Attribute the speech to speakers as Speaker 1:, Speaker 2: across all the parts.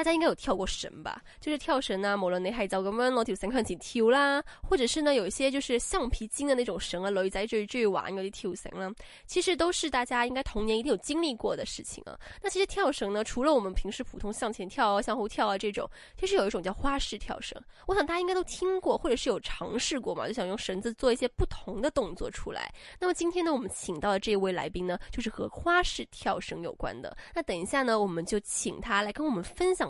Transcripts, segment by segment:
Speaker 1: 大家應該有跳過繩吧？就是跳繩啊，無論你係就咁樣攞條繩向前跳啦，或者是呢有一些就是橡皮筋的那種繩啊，攞嚟在這追追玩，攞嚟跳繩啦。其實都是大家應該童年一定有經歷過的事情啊。那其實跳繩呢，除了我們平時普通向前跳啊、向後跳啊這種，其實有一種叫花式跳繩。我想大家應該都聽過，或者是有嘗試過嘛，就想用繩子做一些不同的動作出來。那麼今天呢，我們請到的這位來賓呢，就是和花式跳繩有關的。那等一下呢，我們就請他來跟我們分享。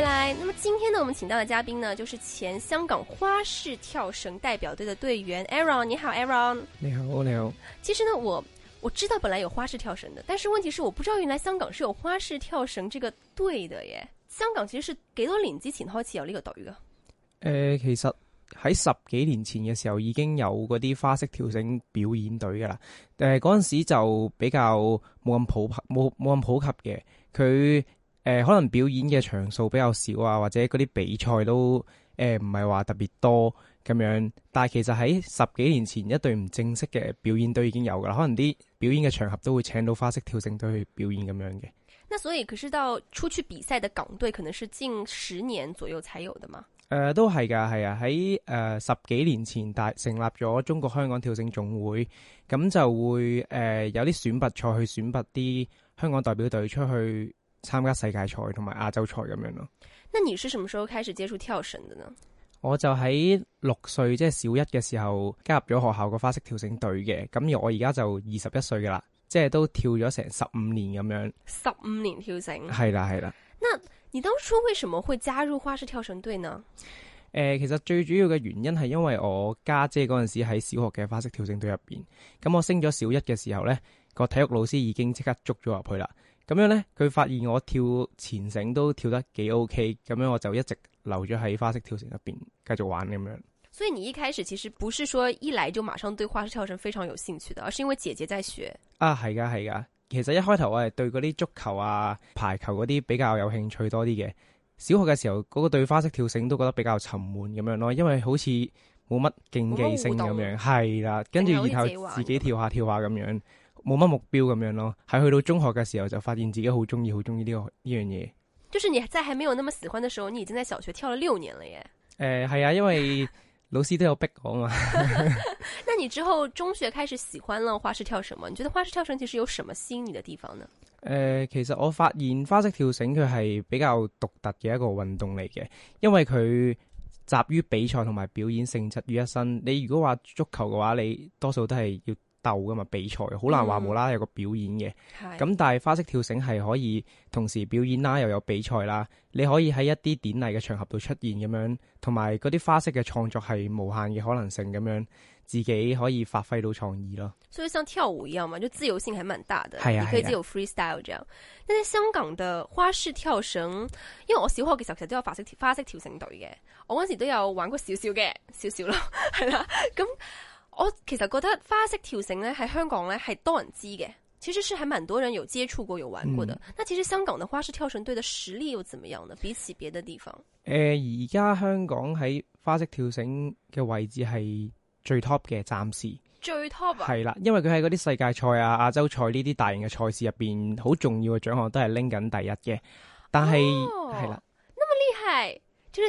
Speaker 1: 來，那麼今天呢，我們請到的嘉賓呢，就是前香港花式跳繩代表隊的隊員 Aaron。你好，Aaron。你好
Speaker 2: ，Aaron、你好,你好
Speaker 1: 其實呢，我我知道本來有花式跳繩的，但是問題是我不知道原來香港是有花式跳繩這個隊的耶。香港其實是幾多年之前開始有呢個隊噶。
Speaker 2: 誒、呃，其實喺十幾年前嘅時候已經有啲花式跳繩表演隊噶啦。誒、呃，嗰陣時就比較冇咁普冇冇咁普及嘅佢。誒、呃、可能表演嘅場數比較少啊，或者嗰啲比賽都誒唔係話特別多咁樣。但係其實喺十幾年前，一隊唔正式嘅表演隊已經有㗎啦。可能啲表演嘅場合都會請到花式跳繩隊去表演咁樣嘅。
Speaker 1: 那所以，可是到出去比賽嘅港隊，可能是近十年左右才有的嘛？
Speaker 2: 誒、呃、都係㗎，係啊。喺、呃、十幾年前大，大成立咗中國香港跳繩總會，咁就會誒、呃、有啲選拔賽去選拔啲香港代表隊出去參加世界賽同埋亞洲賽咁樣咯。
Speaker 1: 那你是什麼時候開始接觸跳繩的呢？
Speaker 2: 我就喺六歲，即係小一嘅時候加入咗學校個花式跳繩隊嘅。咁而我而家就二十一歲噶啦，即係都跳咗成十五年咁樣。
Speaker 1: 十五年跳繩，係
Speaker 2: 啦係啦。
Speaker 1: 那你當初為什麼會加入花式跳繩隊呢？誒、
Speaker 2: 呃，其實最主要嘅原因係因為我家姐嗰陣時喺小學嘅花式跳繩隊入邊。咁我升咗小一嘅時候呢，個體育老師已經即刻捉咗入去啦。咁樣呢，佢發現我跳前繩都跳得幾 OK，咁樣我就一直留咗喺花式跳繩入面繼續玩咁樣。
Speaker 1: 所以你一開始其實不是說一來就馬上對花式跳繩非常有興趣的，而是因為姐姐在學。
Speaker 2: 啊，係㗎，係㗎，其實一開頭我係對嗰啲足球啊、排球嗰啲比較有興趣多啲嘅。小學嘅時候，嗰個對花式跳繩都覺得比較沉悶咁樣咯，因為好似冇乜競技性咁樣。係啦，跟住然後自己跳下跳下咁樣。冇乜目標咁樣咯，喺去到中學嘅時候就發現自己好中意，好中意呢個呢樣嘢。
Speaker 1: 就是你在還沒有那麼喜歡的時候，你已經在小學跳了六年了耶。
Speaker 2: 誒、呃，係啊，因為 老師都有逼我啊。
Speaker 1: 那你之後中學開始喜歡了花式跳繩，咩？你覺得花式跳繩其實有什麼吸引你的地方呢？
Speaker 2: 誒、呃，其實我發現花式跳繩佢係比較獨特嘅一個運動嚟嘅，因為佢集於比賽同埋表演性質於一身。你如果話足球嘅話，你多數都係要。噶嘛比賽好難話無啦，有個表演嘅，咁、嗯、但係花式跳繩係可以同時表演啦，又有比賽啦。你可以喺一啲典禮嘅場合度出現咁樣，同埋嗰啲花式嘅創作係無限嘅可能性咁樣，自己可以發揮到創意咯。
Speaker 1: 所以像跳舞一樣嘛，就自由性係蠻大嘅，啊、你可以自由 freestyle 這樣。但係香港的花式跳繩，因為我小學嘅時候其實都有花式跳花式跳繩隊嘅，我嗰陣時都有玩過少少嘅少少咯，係啦咁。 我其實覺得花式跳繩咧喺香港咧係多人知嘅，其實是係蠻多人有接觸過、有玩過的。那、嗯、其實香港嘅花式跳繩隊的實力又怎麼樣呢？比起別的地方？
Speaker 2: 誒、呃，而家香港喺花式跳繩嘅位置係最 top 嘅，暫時
Speaker 1: 最 top 係、
Speaker 2: 啊、啦，因為佢喺嗰啲世界賽啊、亞洲賽呢啲大型嘅賽事入邊，好重要嘅獎項都係拎緊第一嘅。但係，係啦，哦、係啦
Speaker 1: 那麼厲害。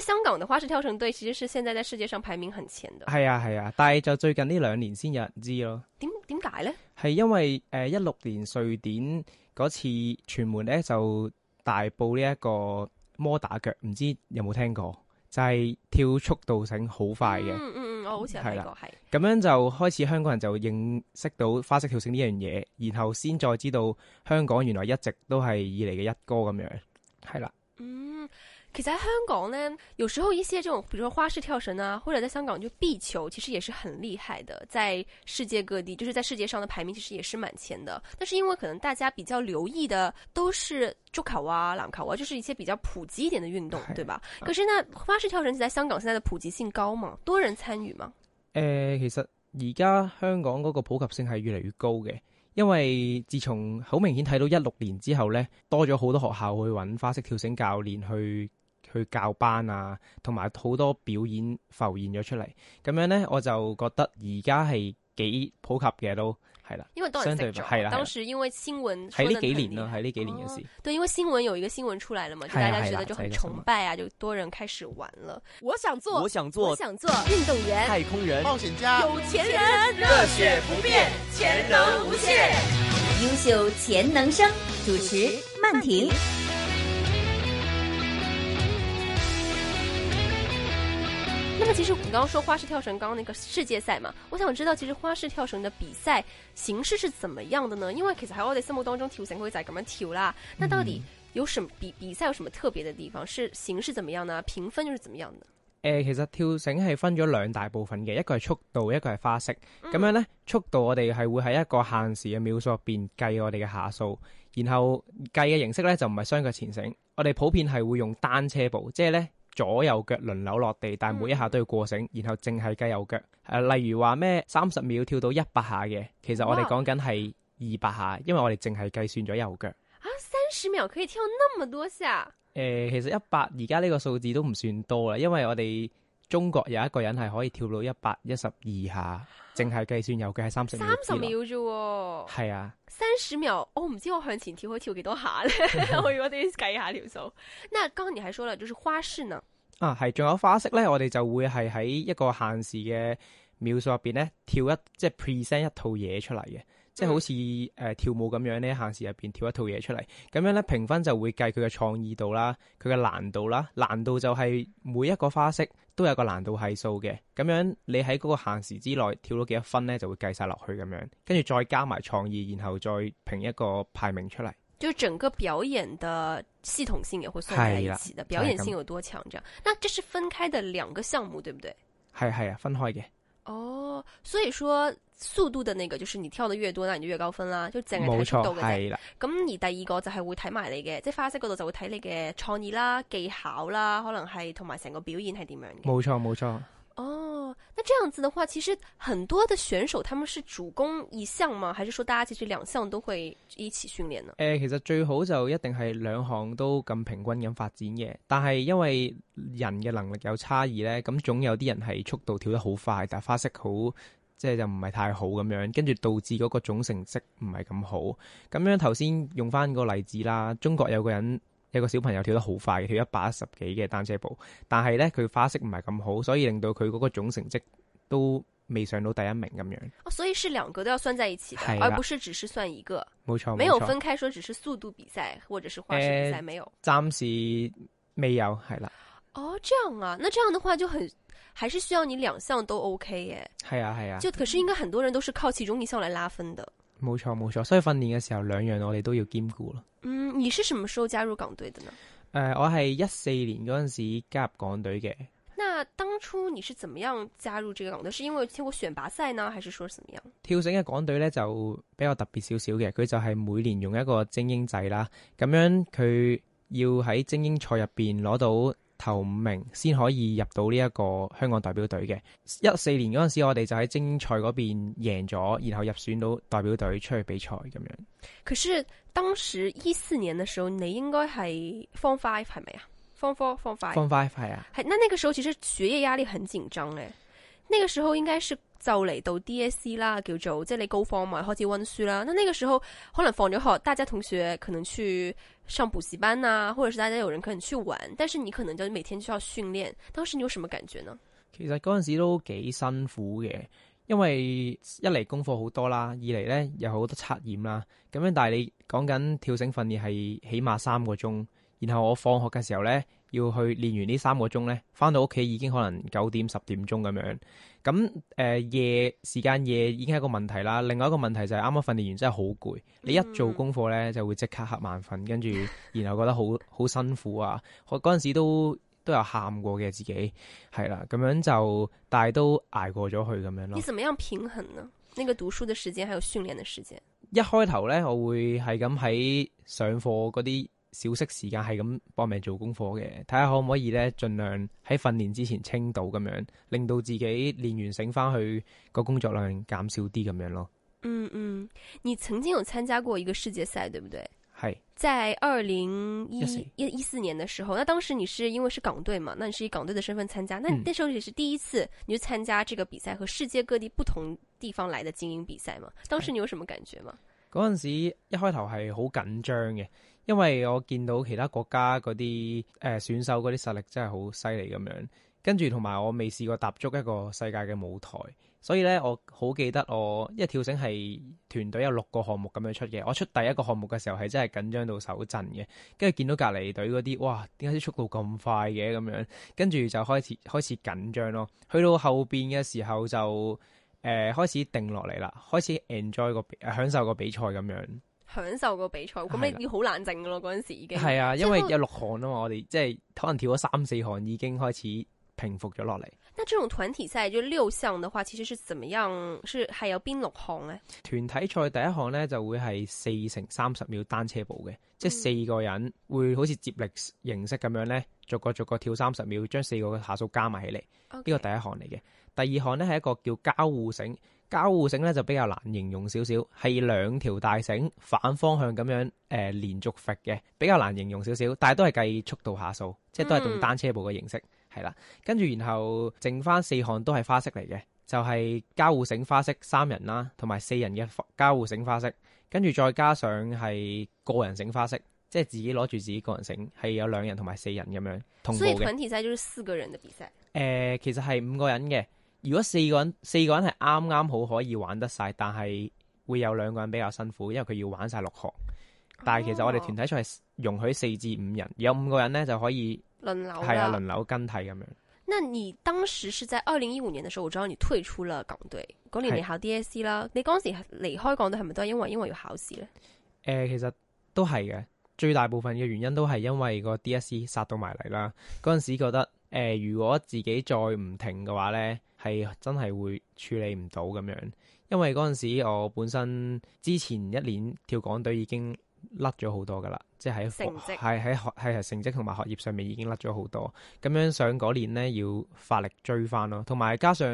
Speaker 1: 香港嘅花式跳繩隊其實是現在在世界上排名很前
Speaker 2: 嘅。係啊，係啊，但係就最近呢兩年先有人知咯。
Speaker 1: 點點解呢？
Speaker 2: 係因為誒一六年瑞典嗰次傳媒咧就大報呢一個摩打腳，唔知有冇聽過？就係、是、跳速度繩好快嘅。嗯嗯
Speaker 1: 嗯，我好似係呢個係。
Speaker 2: 咁、啊啊、樣就開始香港人就認識到花式跳繩呢樣嘢，然後先再知道香港原來一直都係以嚟嘅一哥咁樣。係啦、
Speaker 1: 啊。嗯。其實喺香港呢，有時候一些這種，比如說花式跳繩啊，或者在香港就壁球，其實也是很厲害的。在世界各地，就是在世界上的排名其實也是蠻前的。但是因為可能大家比較留意的都是足球啊、籃球啊，就是一些比較普及一點的運動，的對吧？可是呢，啊、花式跳繩，其實喺香港現在的普及性高嘛，多人參與嘛？
Speaker 2: 誒、呃，其實而家香港嗰個普及性係越嚟越高嘅，因為自從好明顯睇到一六年之後呢，多咗好多學校去揾花式跳繩教練去。去教班啊，同埋好多表演浮現咗出嚟，咁樣呢，我就覺得而家係幾普及嘅都係啦。因為多人相對係啦，當時
Speaker 1: 因為新聞喺呢幾年
Speaker 2: 呢，喺呢幾年嘅事、哦。
Speaker 1: 對，因為新聞有一個新聞出嚟喇嘛，大家覺得就很崇拜啊，就多人開始玩喇，了，了我想做，我想做，我想做運動員、太空人、冒險家、有錢人，熱血不變，潛能無限，優秀潛能生主持曼婷。嗯因為其實你剛剛說花式跳繩，剛剛那個世界賽嘛，我想知道其實花式跳繩的比賽形式是怎麼樣的呢？因為其實喺我哋心目當中，跳繩會就係咁樣跳啦，那到底有什麼比比賽有什麼特別的地方？是形式怎麼樣呢？評分又是怎麼樣呢？誒、
Speaker 2: 呃，其實跳繩係分咗兩大部分嘅，一個係速度，一個係花式。咁樣呢，嗯、速度我哋係會喺一個限時嘅秒數入邊計我哋嘅下數，然後計嘅形式咧就唔係雙腳前繩，我哋普遍係會用單車步，即係咧。左右腳輪流落地，但係每一下都要過繩，嗯、然後淨係計右腳。誒、啊，例如話咩三十秒跳到一百下嘅，其實我哋講緊係二百下，哇因為我哋淨係計算咗右腳。
Speaker 1: 啊，三十秒可以跳咁多下？
Speaker 2: 誒、呃，其實一百而家呢個數字都唔算多啦，因為我哋中國有一個人係可以跳到一百一十二下，淨係計算右腳係三十秒。三十秒
Speaker 1: 啫、哦，係啊。三十秒，我唔知我向前跳可以跳幾多下咧， 我要我啲計下條數。那剛剛你還說了，就是花式呢？
Speaker 2: 啊，係，仲有花式咧，我哋就會係喺一個限時嘅秒數入邊咧，跳一即係 present 一套嘢出嚟嘅，即係好似誒、呃、跳舞咁樣咧，限時入邊跳一套嘢出嚟，咁樣咧評分就會計佢嘅創意度啦，佢嘅難度啦，難度就係每一個花式都有個難度係數嘅，咁樣你喺嗰個限時之內跳到幾多分咧，就會計晒落去咁樣，跟住再加埋創意，然後再評一個排名出嚟。
Speaker 1: 就整個表演的系統性也會算在一起的，的表演性有多強？這樣，那這是分開的兩個項目，對不對？
Speaker 2: 係係啊，分開嘅。
Speaker 1: 哦，oh, 所以說速度的那個，就是你跳得越多，那你就越高分啦，就淨係睇速度嘅。係啦，咁而第二個就係會睇埋你嘅，即係花式嗰度就會睇你嘅創意啦、技巧啦，可能係同埋成個表演係點樣
Speaker 2: 嘅。冇錯，冇錯。
Speaker 1: 哦，那這樣子的話，其實很多的選手他們是主攻一項嗎？還是說大家其實兩項都會一起訓練呢？
Speaker 2: 誒、呃，其實最好就一定係兩項都咁平均咁發展嘅。但係因為人嘅能力有差異呢，咁總有啲人係速度跳得好快，但花式好即係就唔係太好咁樣，跟住導致嗰個總成績唔係咁好咁樣。頭先用翻個例子啦，中國有個人。有個小朋友跳得好快，跳一百一十幾嘅單車步，但係呢佢花式唔係咁好，所以令到佢嗰個總成績都未上到第一名咁樣。
Speaker 1: 啊、哦，所以是兩個都要算在一起，的而不是只是算一個。
Speaker 2: 冇錯，冇沒有分開
Speaker 1: 說，只是速度比賽或者是花式比賽、呃、沒有。
Speaker 2: 暫時未有，係啦。
Speaker 1: 哦，這樣啊，那這樣的話就很，還是需要你兩項都 OK 耶。
Speaker 2: 係啊係啊，就可
Speaker 1: 是應該很多人都是靠其中一項來拉分的。
Speaker 2: 冇錯冇錯，所以訓練嘅時候兩樣我哋都要兼顧咯。
Speaker 1: 嗯，你是什麼時候加入港隊的呢？誒、
Speaker 2: 呃，我係一四年嗰陣時加入港隊嘅。
Speaker 1: 那當初你是怎麼樣加入這個港隊？是因為經過選拔賽呢，還是說怎麼樣？
Speaker 2: 跳繩嘅港隊咧，就比較特別少少嘅，佢就係每年用一個精英制啦，咁樣佢要喺精英賽入邊攞到。頭五名先可以入到呢一個香港代表隊嘅。一四年嗰陣時，我哋就喺精英賽嗰邊贏咗，然後入選到代表隊出去比賽咁樣。
Speaker 1: 可是當時一四年嘅時候，你應該係 form five 係咪啊？form four form five form five 係啊。係，嗱，呢個時候其實學業壓力很緊張誒，那個時候應該是。就嚟到 DSE 啦，叫做即係你高方咪開始溫書啦。那呢個時候可能放咗學，大家同學可能去上補習班啊，或者是大家有人可能去玩。但是你可能就每天就需要訓練。當時你有什麼感覺呢？
Speaker 2: 其實嗰陣時都幾辛苦嘅，因為一嚟功課好多啦，二嚟呢有好多測驗啦。咁樣，但係你講緊跳繩訓練係起碼三個鐘，然後我放學嘅時候呢。要去練完呢三個鐘呢，翻到屋企已經可能九點十點鐘咁樣。咁誒、呃、夜時間夜已經係一個問題啦。另外一個問題就係啱啱訓練完真係好攰，嗯、你一做功課呢，就會即刻瞌眼瞓，跟住然後覺得好好辛苦啊。 我嗰陣時都都有喊過嘅自己，係啦咁樣就，但係都捱過咗去咁樣咯。你
Speaker 1: 點樣平衡呢？呢個讀書嘅時間，還有訓練嘅時間？
Speaker 2: 一開頭呢，我會係咁喺上課嗰啲。小息時間係咁搏命做功課嘅，睇下可唔可以呢，盡量喺訓練之前清到咁樣，令到自己練完醒翻去個工作量減少啲咁樣咯。嗯嗯，
Speaker 1: 你曾經有參加過一個世界賽，對唔對？係是在二零一四年的時候，那當時你是因為是港隊嘛？那你是以港隊的身份參加，那你那時候也是第一次你就參加這個比賽，和世界各地不同地方來的精英比賽嘛？當時你有什麼感覺嗎？
Speaker 2: 嗰陣時一開頭係好緊張嘅。因為我見到其他國家嗰啲誒選手嗰啲實力真係好犀利咁樣，跟住同埋我未試過踏足一個世界嘅舞台，所以咧我好記得我因為跳繩係團隊有六個項目咁樣出嘅，我出第一個項目嘅時候係真係緊張到手震嘅，跟住見到隔離隊嗰啲，哇點解啲速度咁快嘅咁樣，跟住就開始開始緊張咯，去到後面嘅時候就誒、呃、開始定落嚟啦，開始 enjoy 個享受個比賽咁樣。
Speaker 1: 享受個比賽，咁你要好冷靜㗎咯，嗰陣的時已經係啊，因為有
Speaker 2: 六項啊嘛，後我哋即係可能跳咗三四項已經開始平復咗落嚟。
Speaker 1: 那這種團體賽就六項的話，其實是怎麼樣？是係有邊六項呢？
Speaker 2: 團體賽第一項呢，就會係四乘三十秒單車步嘅，嗯、即係四個人會好似接力形式咁樣呢，逐個逐個跳三十秒，將四個下數加埋起嚟，呢 Okay. 個第一項嚟嘅。第二項呢，係一個叫交互繩。交互繩咧就比較難形容少少，係兩條大繩反方向咁樣誒、呃、連續揈嘅，比較難形容少少，但係都係計速度下數，即係都係用單車步嘅形式係啦。跟住、嗯、然後剩翻四項都係花式嚟嘅，就係、是、交互繩花式三人啦，同埋四人嘅交互繩花式，跟住再加上係個人繩花式，即係自己攞住自己個人繩，係有兩人同埋四人咁樣同步嘅。所以團
Speaker 1: 體賽就是四個人嘅比賽？
Speaker 2: 誒、呃，其實係五個人嘅。如果四個人四個人係啱啱好可以玩得晒，但係會有兩個人比較辛苦，因為佢要玩晒六項。但係其實我哋團體賽係容許四至五人，有五個人咧就可以
Speaker 1: 輪流係啊輪
Speaker 2: 流跟替咁樣。
Speaker 1: 那你當時是在二零一五年的時候，我知道你退出了港隊嗰年是你考 D S C 啦。你當時離開港隊係咪都係因為因為要考試咧？
Speaker 2: 誒、呃，其實都係嘅，最大部分嘅原因都係因為個 D S C 殺到埋嚟啦。嗰陣時覺得誒、呃，如果自己再唔停嘅話咧。係真係會處理唔到咁樣，因為嗰陣時我本身之前一年跳港隊已經甩咗好多噶啦，即係係喺學係係成績同埋學業上面已經甩咗好多，咁樣上嗰年呢，要發力追翻咯，同埋加上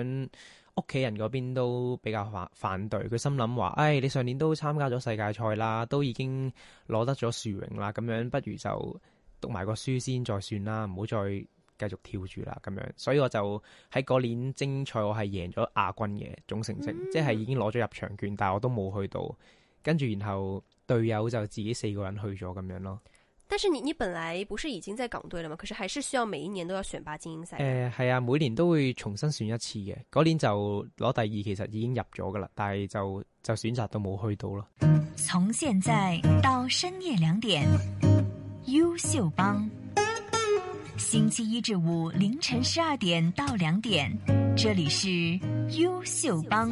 Speaker 2: 屋企人嗰邊都比較反反對，佢心諗話，誒、哎、你上年都參加咗世界賽啦，都已經攞得咗殊榮啦，咁樣不如就讀埋個書先再，再算啦，唔好再，繼續跳住啦咁樣，所以我就喺嗰年精英賽我係贏咗亞軍嘅總成績，嗯、即係已經攞咗入場券，但係我都冇去到。跟住然後隊友就自己四個人去咗咁樣咯。
Speaker 1: 但是你你本來不是已經在港隊啦嘛？可是還是需要每一年都要選拔精英賽。誒
Speaker 2: 係、呃、啊，每年都會重新選一次嘅。嗰年就攞第二，其實已經入咗㗎喇，但係就就選擇都冇去到咯。
Speaker 1: 從現在到深夜兩點，優秀幫。星期一至五凌晨十二點到兩點，這裏是優秀幫。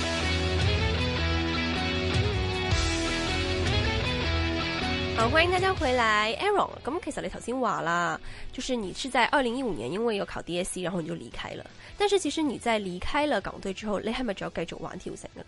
Speaker 1: 歡迎大家回來。Aaron，咁其實你頭先話啦。就是你是在二零一五年因為有考 DSC，然後你就離開了。但是其實你在離開了港隊之後，你係咪仲有繼續玩跳繩嘅？誒、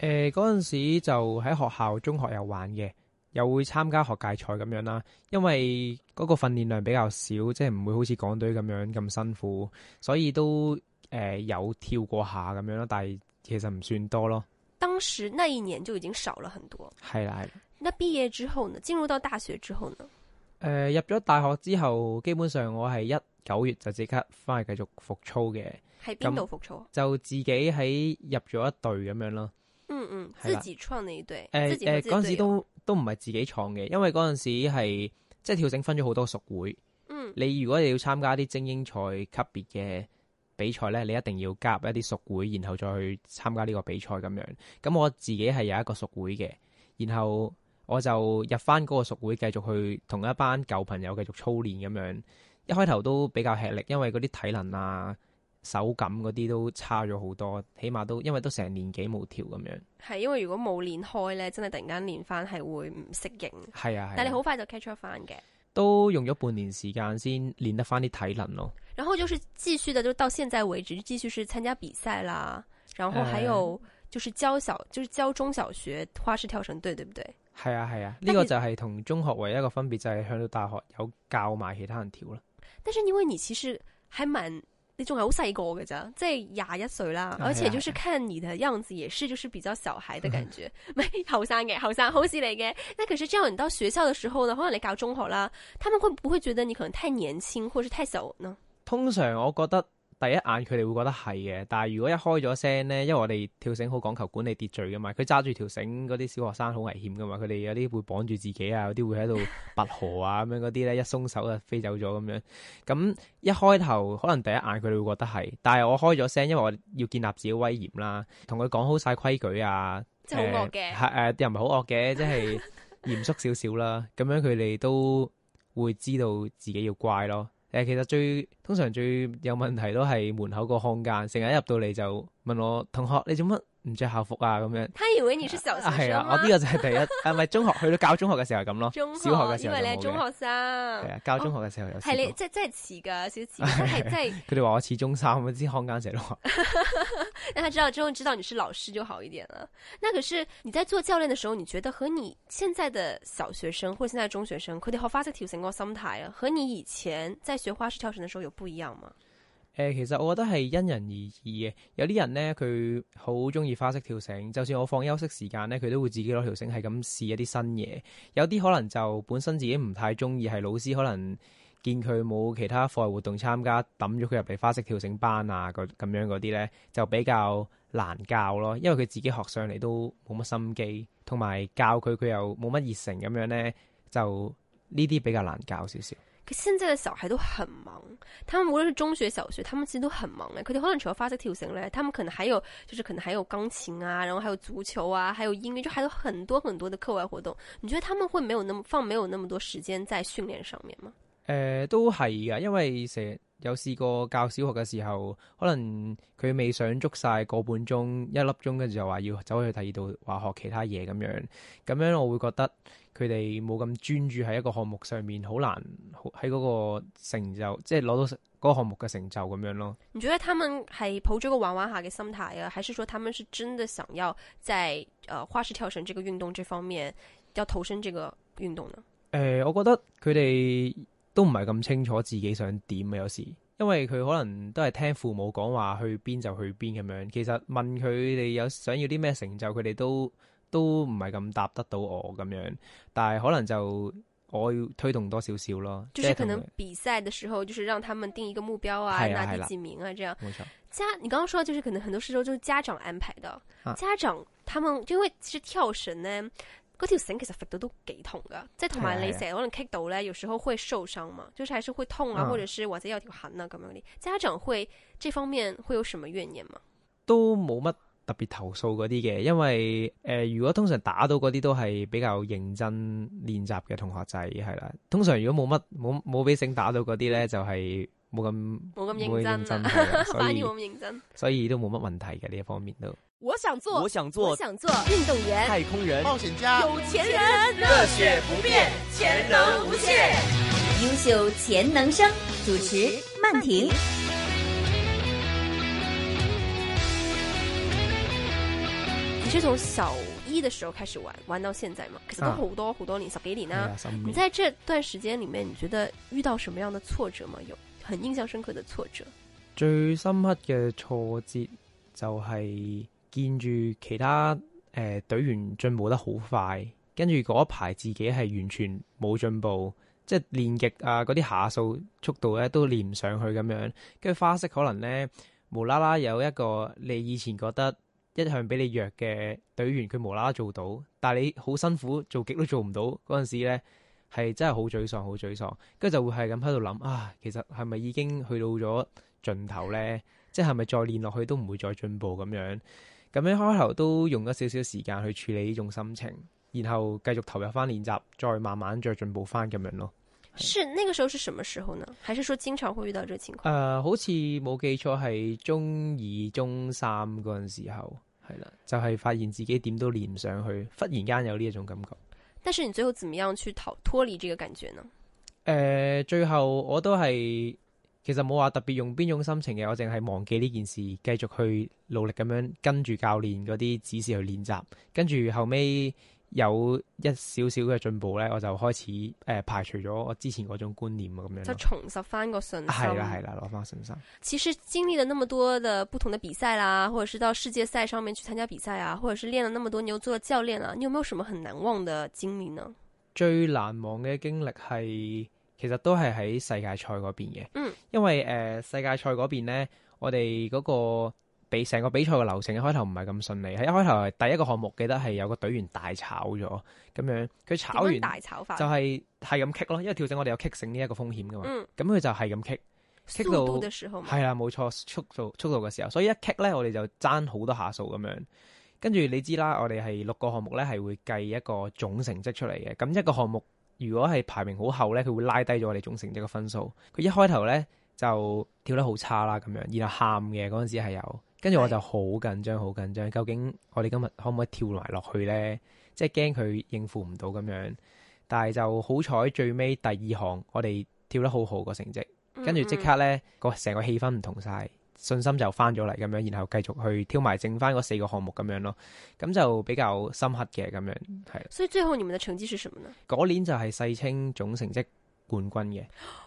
Speaker 2: 呃，嗰陣時就喺學校中學有玩嘅，又會參加學界賽咁樣啦。因為嗰個訓練量比較少，即係唔會好似港隊咁樣咁辛苦，所以都誒、呃、有跳過下咁樣啦。但係其實唔算多咯。
Speaker 1: 當時那一年就已經少了很多。
Speaker 2: 係啦，係。
Speaker 1: 那畢業之後呢？進入到大學之後呢？誒、
Speaker 2: 呃，入咗大學之後，基本上我係一九月就即刻翻去繼續復操嘅。喺邊度復操？就自己喺入咗一隊咁樣咯。嗯嗯，自己創呢隊。誒嗰陣時都都唔係自己創嘅，因為嗰陣時係即係跳繩分咗好多屬會。嗯，你如果你要參加啲精英賽級別嘅比賽咧，你一定要加入一啲屬會，然後再去參加呢個比賽咁樣。咁我自己係有一個屬會嘅，然後。我就入翻嗰個熟會，繼續去同一班舊朋友繼續操練咁樣。一開頭都比較吃力，因為嗰啲體能啊、手感嗰啲都差咗好多。起碼都因為都成年幾冇跳咁樣。
Speaker 1: 係因為如果冇練開咧，真係突然間練翻係會唔適應。
Speaker 2: 係啊，係啊。但你好
Speaker 1: 快就 catch up 翻嘅。
Speaker 2: 都用咗半年時間先練得翻啲體能咯。
Speaker 1: 然後就是繼續的，就到現在為止，繼續是參加比賽啦。然後還有就是教小，uh, 就是教中小學花式跳繩隊，對唔對？
Speaker 2: 係啊係啊，呢、啊、是個就係同中學唯一一個分別，就係向到大學有教埋其他人跳啦。
Speaker 1: 但係因為你其實係蠻，你仲係好細個㗎咋，即係廿一歲啦。啊、而且就是看你的樣子，也是就是比較小孩的感覺，唔係後生嘅後生好事嚟嘅。那 可是，當你到學校嘅時候呢，可能你教中學啦，他們會不會覺得你可能太年輕，或者太小呢？
Speaker 2: 通常我覺得。第一眼佢哋會覺得係嘅，但係如果一開咗聲咧，因為我哋跳繩好講求管理秩序㗎嘛，佢揸住條繩嗰啲小學生好危險㗎嘛，佢哋有啲會綁住自己啊，有啲會喺度拔河啊咁樣嗰啲咧， 一鬆手就飛走咗咁樣。咁一開頭可能第一眼佢哋會覺得係，但係我開咗聲，因為我要建立自己的威嚴啦，同佢講好晒規矩啊，即係好惡嘅，係誒、呃啊、又唔係好惡嘅，即係嚴肅少少啦。咁 樣佢哋都會知道自己要乖咯。誒，其實最通常最有問題都係門口個看間，成日一入到嚟就問我，同學你做乜？唔着校服啊，咁樣、嗯。
Speaker 1: 他以為你是小學生。係啊,啊，我呢個
Speaker 2: 就係第一，係咪中學去到教中學嘅時候咁咯。中學嘅時候樣。因為你係中學
Speaker 1: 生。係啊，教中學
Speaker 2: 嘅時候有。係咧、
Speaker 1: 哦，再再似噶，其即似。
Speaker 2: 佢哋話我似中三，啲看更成日都話。
Speaker 1: 讓 他知道之後知道你是老師就好一點啦。那可是你在做教練的時候，你覺得和你現在的小學生或者現在的中學生，佢哋學花式跳繩個心態啊，和你以前在學花式跳繩的時候有不一樣嗎？
Speaker 2: 誒、呃，其實我覺得係因人而異嘅。有啲人咧，佢好中意花式跳繩，就算我放休息時間咧，佢都會自己攞條繩係咁試一啲新嘢。有啲可能就本身自己唔太中意，係老師可能見佢冇其他課外活動參加，揼咗佢入嚟花式跳繩班啊，咁咁樣嗰啲咧就比較難教咯。因為佢自己學上嚟都冇乜心機，同埋教佢佢又冇乜熱誠這呢，咁樣咧就呢啲比較難教少少。
Speaker 1: 現在的小孩都很忙，他們無論是中學、小學，他們其實都很忙咧。佢哋可能除咗發 set 跳繩咧，他們可能還有，就是可能還有鋼琴啊，然後還有足球啊，還有音樂，就還有很多很多的課外活動。你覺得他們會沒有那麼放，沒有那麼多時間在訓練上面嗎？
Speaker 2: 誒、呃，都係㗎，因為成日有試過教小學嘅時候，可能佢未上足晒個半鐘、一粒鐘嘅時候，話要走去第二度話學其他嘢咁樣，咁樣我會覺得。佢哋冇咁專注喺一個項目上面，好難喺嗰個成就，即係攞到嗰個項目嘅成就咁樣咯。
Speaker 1: 你覺得他們係抱住個玩玩下嘅心態啊，還是說他們是真的想要在呃花式跳繩這個運動這方面，要投身這個運動呢？誒、
Speaker 2: 呃，我覺得佢哋都唔係咁清楚自己想點啊，有時因為佢可能都係聽父母講話去邊就去邊咁樣。其實問佢哋有想要啲咩成就，佢哋都都唔係咁答得到我咁樣，但係可能就我要推動多少少咯。就是可能
Speaker 1: 比賽嘅時候，就是讓他們定一個目標啊，啊拿第幾名啊，這樣。啊啊、家錯你剛剛說，就是可能很多時候就係家長安排的。啊、家長他們，因為其實跳繩呢，嗰條繩其實甩到都幾痛噶，即係同埋你成日可能 kick 到咧，有時候會受傷嘛，就是還是會痛啊，啊或者是或者有條痕啊咁樣啲。家長會這方面會有什麼怨言嗎？
Speaker 2: 都冇乜。特別投訴嗰啲嘅，因為誒、呃，如果通常打到嗰啲都係比較認真練習嘅同學仔係啦。通常如果冇乜冇冇俾聲打到嗰啲咧，就係冇咁冇咁認真，反而冇咁認真，所以都冇乜問題嘅呢一方面都。我想做，我想做，我想做運動員、太空人、冒險家、有錢人、熱血不變、潛能無限、
Speaker 1: 優秀潛能生，主持曼婷。係從 小一的時候開始玩，玩到現在嘛，其實都好多好多年，十幾年啦。嗯、你在這段時間裏面，你覺得遇到什麼樣的挫折嗎？有很印象深刻的挫折？
Speaker 2: 最深刻嘅挫折就係見住其他誒隊、呃、員進步得好快，跟住嗰排自己係完全冇進步，即係練極啊嗰啲下數速度咧都練唔上去咁樣，跟住花式可能咧無啦啦有一個你以前覺得。一向俾你弱嘅隊員，佢無啦啦做到，但係你好辛苦做極都做唔到嗰陣時呢，係真係好沮、沮喪，好沮喪，跟住就會係咁喺度諗唉，其實係咪已經去到咗盡頭呢？即係咪再練落去都唔會再進步咁樣？咁一開頭都用咗少少時間去處理呢種心情，然後繼續投入翻練習，再慢慢再進步翻咁樣咯。
Speaker 1: 是，那個時候是什麼時候呢？還是說經常會遇到呢種情
Speaker 2: 況？誒、呃，好似冇記錯係中二、中三嗰陣時候。係啦，就係、是、發現自己點都練唔上去，忽然間有呢一種感覺。
Speaker 1: 但是你最後怎麼樣去逃脫離這個感覺呢？
Speaker 2: 誒、呃，最後我都係其實冇話特別用邊種心情嘅，我淨係忘記呢件事，繼續去努力咁樣跟住教練嗰啲指示去練習，跟住後尾。有一少少嘅進步咧，我就開始誒、呃、排除咗我之前嗰種觀念咁樣就
Speaker 1: 重拾翻個信心。係啦係啦，
Speaker 2: 攞翻信心。
Speaker 1: 其實經歷了那麼多的不同的比賽啦，或者是到世界賽上面去參加比賽啊，或者是練了那麼多年又做教練啦，啊，你有沒有什麼很難忘的
Speaker 2: 經歷呢？最難忘的經歷係其實都係喺世界賽嗰邊嘅，嗯，因為誒、呃、世界賽嗰邊咧，我哋嗰，那個。比成個比賽嘅流程，一開頭唔係咁順利。係一開頭第一個項目，記得係有個隊員大炒咗咁樣。佢炒完大炒翻，就係係咁棘 i 咯。因為調整，我哋有棘醒呢一個風險噶嘛。咁佢、嗯、就係咁棘，棘 c k 到係啦，冇、啊、錯，速度速度嘅時候，所以一棘 i 咧，我哋就爭好多下數咁樣。跟住你知啦，我哋係六個項目咧，係會計一個總成績出嚟嘅。咁一個項目如果係排名好後咧，佢會拉低咗我哋總成績嘅分數。佢一開頭咧就跳得好差啦，咁樣，然後喊嘅嗰陣時係有。跟住我就好緊張，好緊張。究竟我哋今日可唔可以跳埋落去呢？即係驚佢應付唔到咁樣。但係就好彩，最尾第二項我哋跳得好好個成績。跟住即刻呢，嗯嗯個成個氣氛唔同曬，信心就翻咗嚟咁樣，然後繼續去跳埋剩翻嗰四個項目咁樣咯。咁就比較深刻嘅咁樣係。所
Speaker 1: 以最後你們的成績是什麼呢？
Speaker 2: 嗰年就係世青總成績冠軍嘅。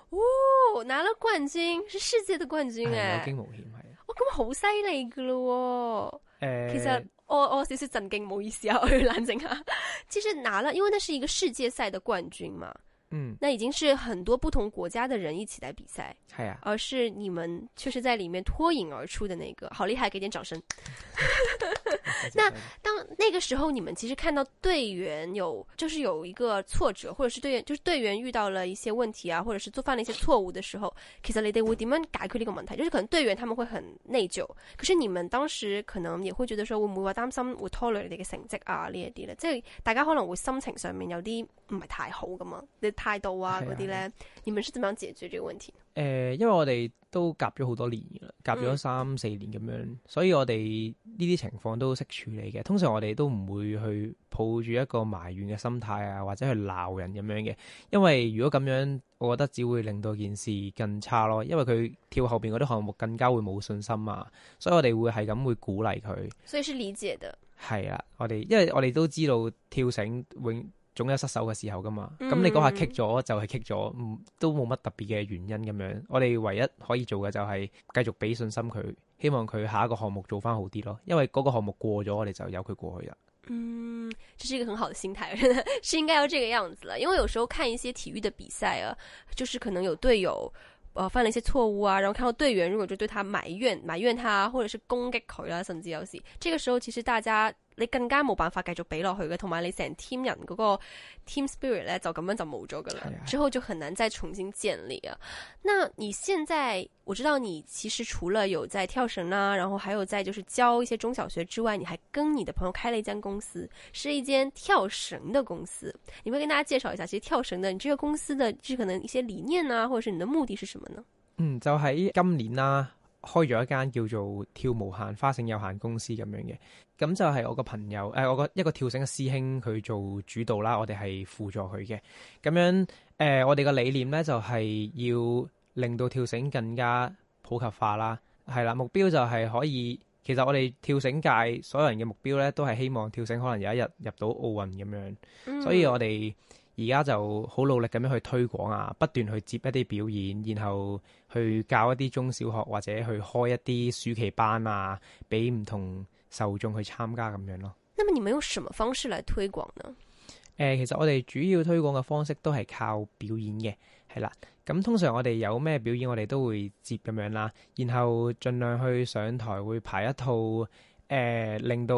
Speaker 1: 哦，拿了冠軍，是世界的冠軍誒。有驚無險。哎咁、哦、好犀利噶咯，欸、其實我我少少震驚，唔好意思啊，我要冷靜下。其實拿啦，因為那是一個世界賽的冠軍嘛。嗯， 那已經是很多不同國家的人一起來比賽，是、 啊、而是你們確實在裏面脫穎而出的那個，好厲害，給點掌聲。 那當那個時候，你們其實看到隊員有就是有一個挫折，或者是隊員就是隊員遇到了一些問題啊，或者是做犯了一些錯誤的時候，其實你哋會點樣解決呢個問題？就是可能隊員他們會很內疚，可是你們當時可能也會覺得說，嗯、我們會擔心會拖累你哋嘅成績啊，呢一啲咧，即係大家可能會心情上面有啲唔係太好噶嘛，你。態度啊嗰啲咧，啊、你們是怎麼樣解決這個問題？
Speaker 2: 誒、呃，因為我哋都夾咗好多年噶啦，夾咗三四年咁樣，嗯、所以我哋呢啲情況都識處理嘅。通常我哋都唔會去抱住一個埋怨嘅心態啊，或者去鬧人咁樣嘅。因為如果咁樣，我覺得只會令到件事更差咯。因為佢跳後邊嗰啲項目更加會冇信心啊，所以我哋會係咁會鼓勵佢。
Speaker 1: 所以是理解的。
Speaker 2: 係啦、啊，我哋因為我哋都知道跳繩永，總有失手嘅時候㗎嘛，咁、嗯、你嗰下棘咗就係棘咗，唔都冇乜特別嘅原因咁樣。我哋唯一可以做嘅就係繼續俾信心佢，希望佢下一個項目做返好啲咯。因為嗰個項目過咗，我哋就由佢過去啦。嗯，
Speaker 1: 這、就是一個很好的心態，是應該要這個樣子啦。因為有時候看一些體育的比賽啊，就是可能有隊友、呃，犯了一些錯誤啊，然後看到隊員如果就對他埋怨，埋怨他、啊，或者是攻擊佢啦，甚至有時，這個時候其實大家。你更加冇辦法繼續俾落去嘅，同埋你成 team 人嗰個 team spirit 咧，就咁樣就冇咗噶啦，之後就很難再重新建立啊。那你現在，我知道你其實除了有在跳繩啦、啊，然後還有在就是教一些中小學之外，你還跟你的朋友開了一間公司，是一間跳繩的公司。你會跟大家介紹一下，其實跳繩的你這個公司的即可能一些理念啊，或者是你的目的是
Speaker 2: 什麼呢？嗯，就喺、是、今年啦、啊。開咗一間叫做跳無限花繩有限公司咁樣嘅，咁就係我個朋友誒、呃，我個一個跳繩嘅師兄去做主導啦。我哋係輔助佢嘅咁樣誒、呃，我哋個理念呢就係、是、要令到跳繩更加普及化啦。係啦，目標就係可以，其實我哋跳繩界所有人嘅目標呢都係希望跳繩可能有一日入到奧運咁樣，嗯、
Speaker 1: 所以我哋。
Speaker 2: 而家就好努力咁樣去推廣啊，不斷去接一啲表演，然後去教一啲中小學或者去開一啲暑期班啊，俾唔同受眾去參加咁樣咯。
Speaker 1: 那麼你們用什麼方式來推廣呢？誒、
Speaker 2: 呃，其實我哋主要推廣嘅方式都係靠表演嘅係啦。咁通常我哋有咩表演，我哋都會接咁樣啦，然後儘量去上台會排一套誒、呃、令到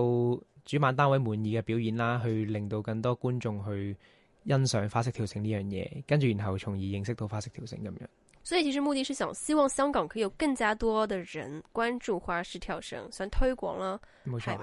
Speaker 2: 主辦單位滿意嘅表演啦，去令到更多觀眾去。欣賞花式跳繩呢樣嘢，跟住然後從而認識到花式跳繩咁樣。
Speaker 1: 所以其實目的是想希望香港可以有更加多的人關注花式跳繩，想推廣啦。冇錯，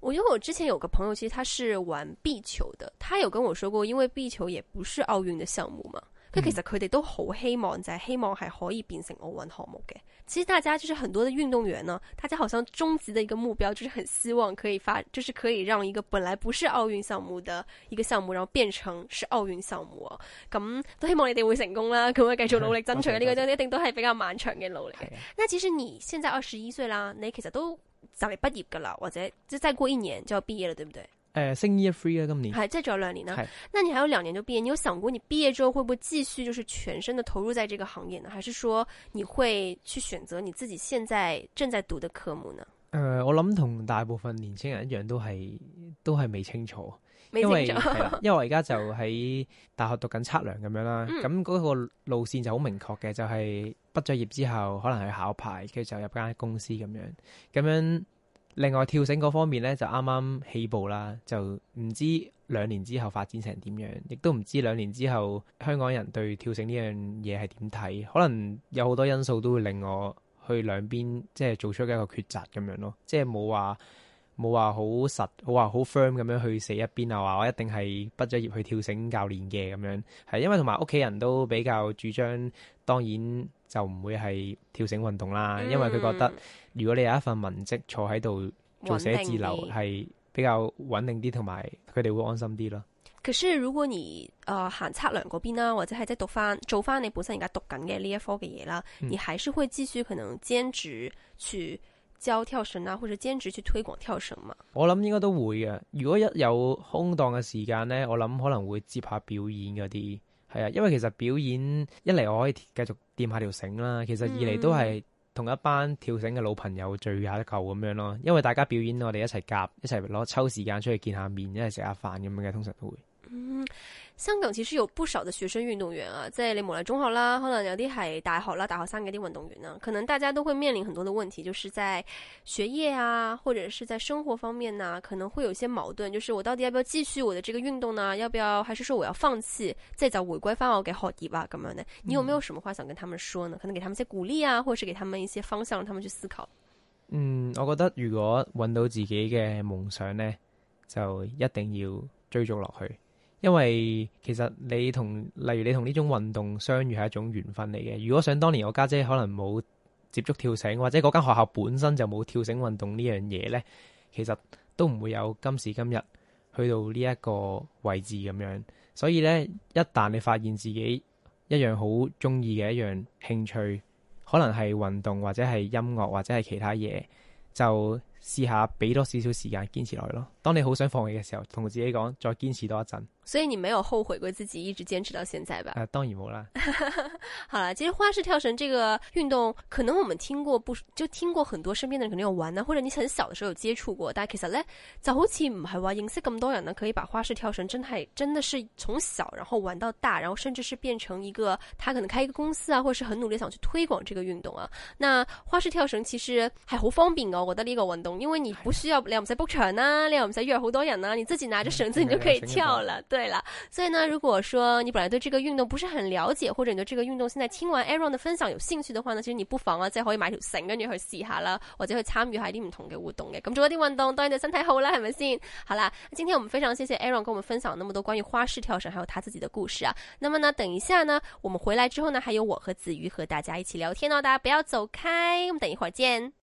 Speaker 1: 我因為我之前有個朋友，其實他是玩壁球的，他有跟我說過，因為壁球也不是奧運的項目嘛。咁、嗯、其實佢哋都好希望就係希望係可以變成奧運項目嘅。其實大家就是很多的運動員呢，大家好像終極的一個目標，就是很希望可以發，就是可以讓一個本來不是奧運項目的一個項目，然後變成是奧運項目、啊。咁都希望你哋會成功啦，咁我繼續努力爭取呢個，一定都係比較漫長嘅努力嘅對。那其實你現在二十一歲啦，你其實都就嚟畢業噶啦，或者即再過一年就要畢業啦，對唔對？
Speaker 2: 誒，升二一 three 啦，今年即係
Speaker 1: 仲有兩年啦。係是，那你還有兩年就畢業，你有想過你畢業之後會唔會繼續就是全身嘅投入在這個行業呢？還是說你會去選擇你自己現在正在讀的科目呢？誒、
Speaker 2: 呃，我諗同大部分年輕人一樣都，都係都係未清楚，清楚因為 因為我而家就喺大學讀緊測量咁樣啦，咁嗰、嗯、個路線就好明確嘅，就係畢咗業之後可能去考牌，跟住就入間公司咁樣，咁樣。另外跳繩嗰方面咧就啱啱起步啦，就唔知兩年之後發展成點樣，亦都唔知兩年之後香港人對跳繩呢樣嘢係點睇，可能有好多因素都會令我去兩邊即係做出一個抉擇咁樣咯，即係冇話。冇話好實，好話好 firm 咁樣去寫一邊啊！話我一定係畢咗業去跳繩教練嘅咁樣，係因為同埋屋企人都比較主張，當然就唔會係跳繩運動啦。嗯、因為佢覺得如果你有一份文職坐喺度做寫字樓，係比較穩定啲，同埋佢哋會安心啲咯。
Speaker 1: 其實如果你誒、呃、行測量嗰邊啦、啊，或者係即係讀翻做翻你本身而家讀緊嘅呢一科嘅嘢啦，嗯、你還是會繼續可能堅持去。教跳繩啊，或者兼職去推廣跳繩嘛？
Speaker 2: 我諗應該都會嘅。如果一有空檔嘅時間呢，我諗可能會接下表演嗰啲。係啊，因為其實表演一嚟我可以繼續掂下條繩啦。其實二嚟都係同一班跳繩嘅老朋友聚下一舊咁樣咯。嗯、因為大家表演，我哋一齊夾，一齊攞抽時間出去見下面，一齊食下飯咁樣嘅，通常都會。嗯
Speaker 1: 香港其實有不少的學生運動員啊，在呢摩蘭中學啦，或者有啲係大學啦，大學生嗰啲運動員呢、啊。可能大家都會面臨很多的問題，就是在學業啊，或者是在生活方面呢、啊，可能會有一些矛盾。就是我到底要不要繼續我的這個運動呢、啊？要不要？還是說我要放棄，再找回歸翻我嘅學業啊？咁樣呢，你有沒有什麼話想跟他們說呢？嗯、可能給他們一些鼓勵啊，或者給他們一些方向，讓他們去思考。
Speaker 2: 嗯，我覺得如果搵到自己嘅夢想呢，就一定要追逐落去。因為其實你同例如你同呢種運動相遇係一種緣分嚟嘅。如果想當年我家姐可能冇接觸跳繩，或者嗰間學校本身就冇跳繩運動呢樣嘢呢，其實都唔會有今時今日去到呢一個位置咁樣。所以呢，一旦你發現自己一樣好中意嘅一樣興趣，可能係運動或者係音樂，或者係其他嘢，就試下俾多少少時間堅持落去咯。當你好想放棄嘅時候，同自己講再堅持多一陣。
Speaker 1: 所以你沒有後悔過自己一直堅持到現在吧？啊，
Speaker 2: 當然沒啦，哈哈
Speaker 1: 哈，好了，其實花式跳繩這個運動，可能我們聽過不就聽過很多身邊的人可能有玩呢、啊、或者你很小的時候有接觸過。但其實咧，就好似唔係話認識咁多人呢，可以把花式跳繩真係真的是從小然後玩到大，然後甚至是變成一個他可能開一個公司啊，或者是很努力想去推廣這個運動啊。那花式跳繩其實還好方便哦，我覺得呢個運動，因為你不需要你又唔使 book 場啦，你又唔使約好多人啦、啊，你自己拿着繩子你就可以跳了、哎對了，所以呢，如果說你本來對這個運動不是很了解，或者你對這個運動現在聽完 Aaron 的分享有興趣的話呢，其實你不妨啊最後一買條繩跟你去試下啦，或者會參與下啲唔同嘅活動嘅。咁做一啲運動當然對身體好啦，係咪先？好啦，今天我們非常謝謝 Aaron 跟我們分享了那麼多關於花式跳繩還有他自己的故事啊。那麼呢，等一下呢，我們回來之後呢，還有我和子瑜和大家一起聊天哦，大家不要走開，我們等一會兒見。